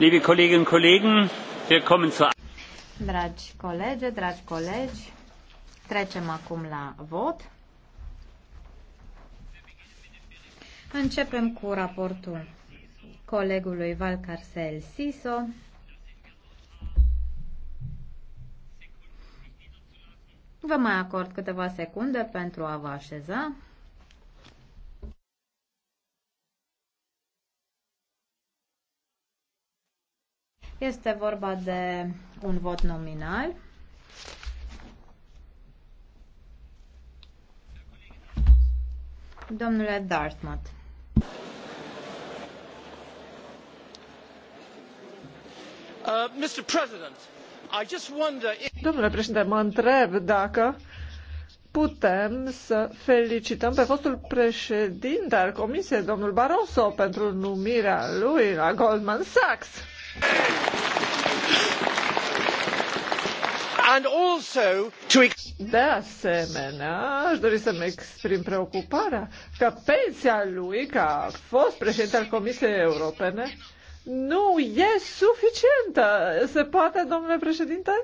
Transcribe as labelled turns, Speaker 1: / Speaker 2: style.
Speaker 1: Liebe Kolleginnen und Kollegen, wir kommen zur
Speaker 2: Dragi colegi, dragi colegi, trecem acum la vot.
Speaker 3: Începem cu raportul colegului Valcarcel Siso. Vă mai acord câteva secunde pentru a vă așeza. Este vorba de un vot nominal. Domnule Dartmouth.
Speaker 4: Uh,
Speaker 5: Domnule președinte, mă întreb dacă putem să felicităm pe fostul președinte al Comisiei, domnul Barroso, pentru numirea lui la Goldman Sachs. and also to De asemenea, aș dori să-mi exprim preocuparea că pensia lui, ca fost președinte al Comisiei Europene, nu e suficientă. Se poate, domnule președinte?